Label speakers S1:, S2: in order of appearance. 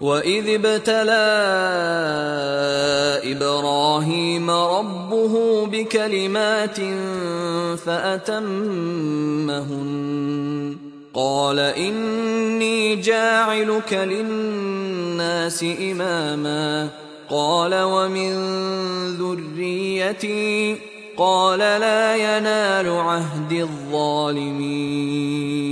S1: وَإِذِ ابْتَلَىٰ إِبْرَاهِيمَ رَبُّهُ بِكَلِمَاتٍ فَأَتَمَّهُنَّ ۖ قَالَ إِنِّي جَاعِلُكَ لِلنَّاسِ إِمَامًا ۖ قَالَ وَمِن ذُرِّيَّتِي ۖ قَالَ لَا عهد عَهْدِي الظَّالِمِينَ